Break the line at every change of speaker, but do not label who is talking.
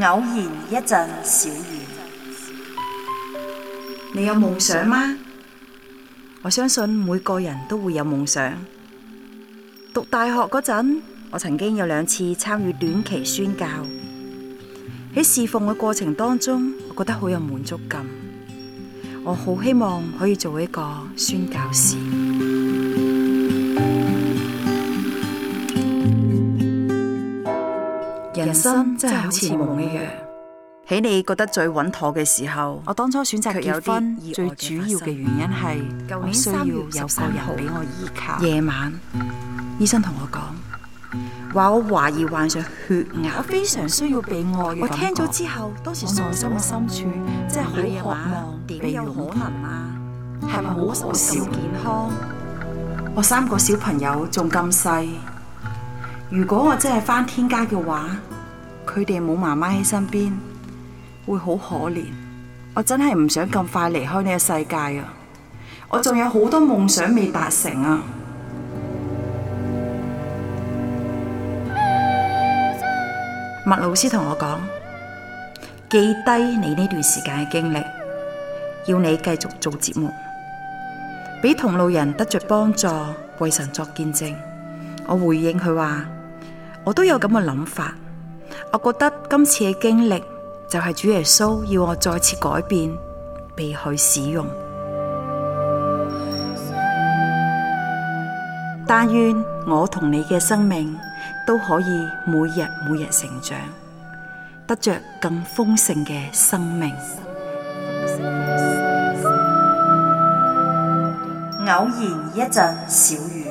偶然一陣小雨，你有夢想，想嗎？我相信每個人都會有夢想。讀大學嗰陣，我曾經有兩次參與短期宣教，喺侍奉嘅過程當中，我覺得好有滿足感。我好希望可以做一個宣教師。人生真係好似夢一樣，喺你覺得最穩妥嘅時候，我當初選擇結婚，最主要嘅原因係我需要有個人俾我依靠。夜晚，嗯，醫生同我講話，我懷疑患上血癌，我非常需要被愛。我聽咗之後，當時內心嘅深處真係好渴望，點有可能啊，係咪好少健康？我三個小朋友仲咁細，如果我真係返天家嘅話。佢哋冇媽媽喺身邊，會好可憐。我真係唔想咁快離開呢個世界啊！我仲有好多夢想未達成啊！麥 老師同我講，記低你呢段時間嘅經歷，要你繼續做節目，俾同路人得着幫助，為神作見證。我回應佢話，我都有咁嘅諗法。我覺得今次嘅經歷就係主耶穌要我再次改變，被佢使用。但願我同你嘅生命都可以每日每日成長，得着更豐盛嘅生命。偶然一陣小雨。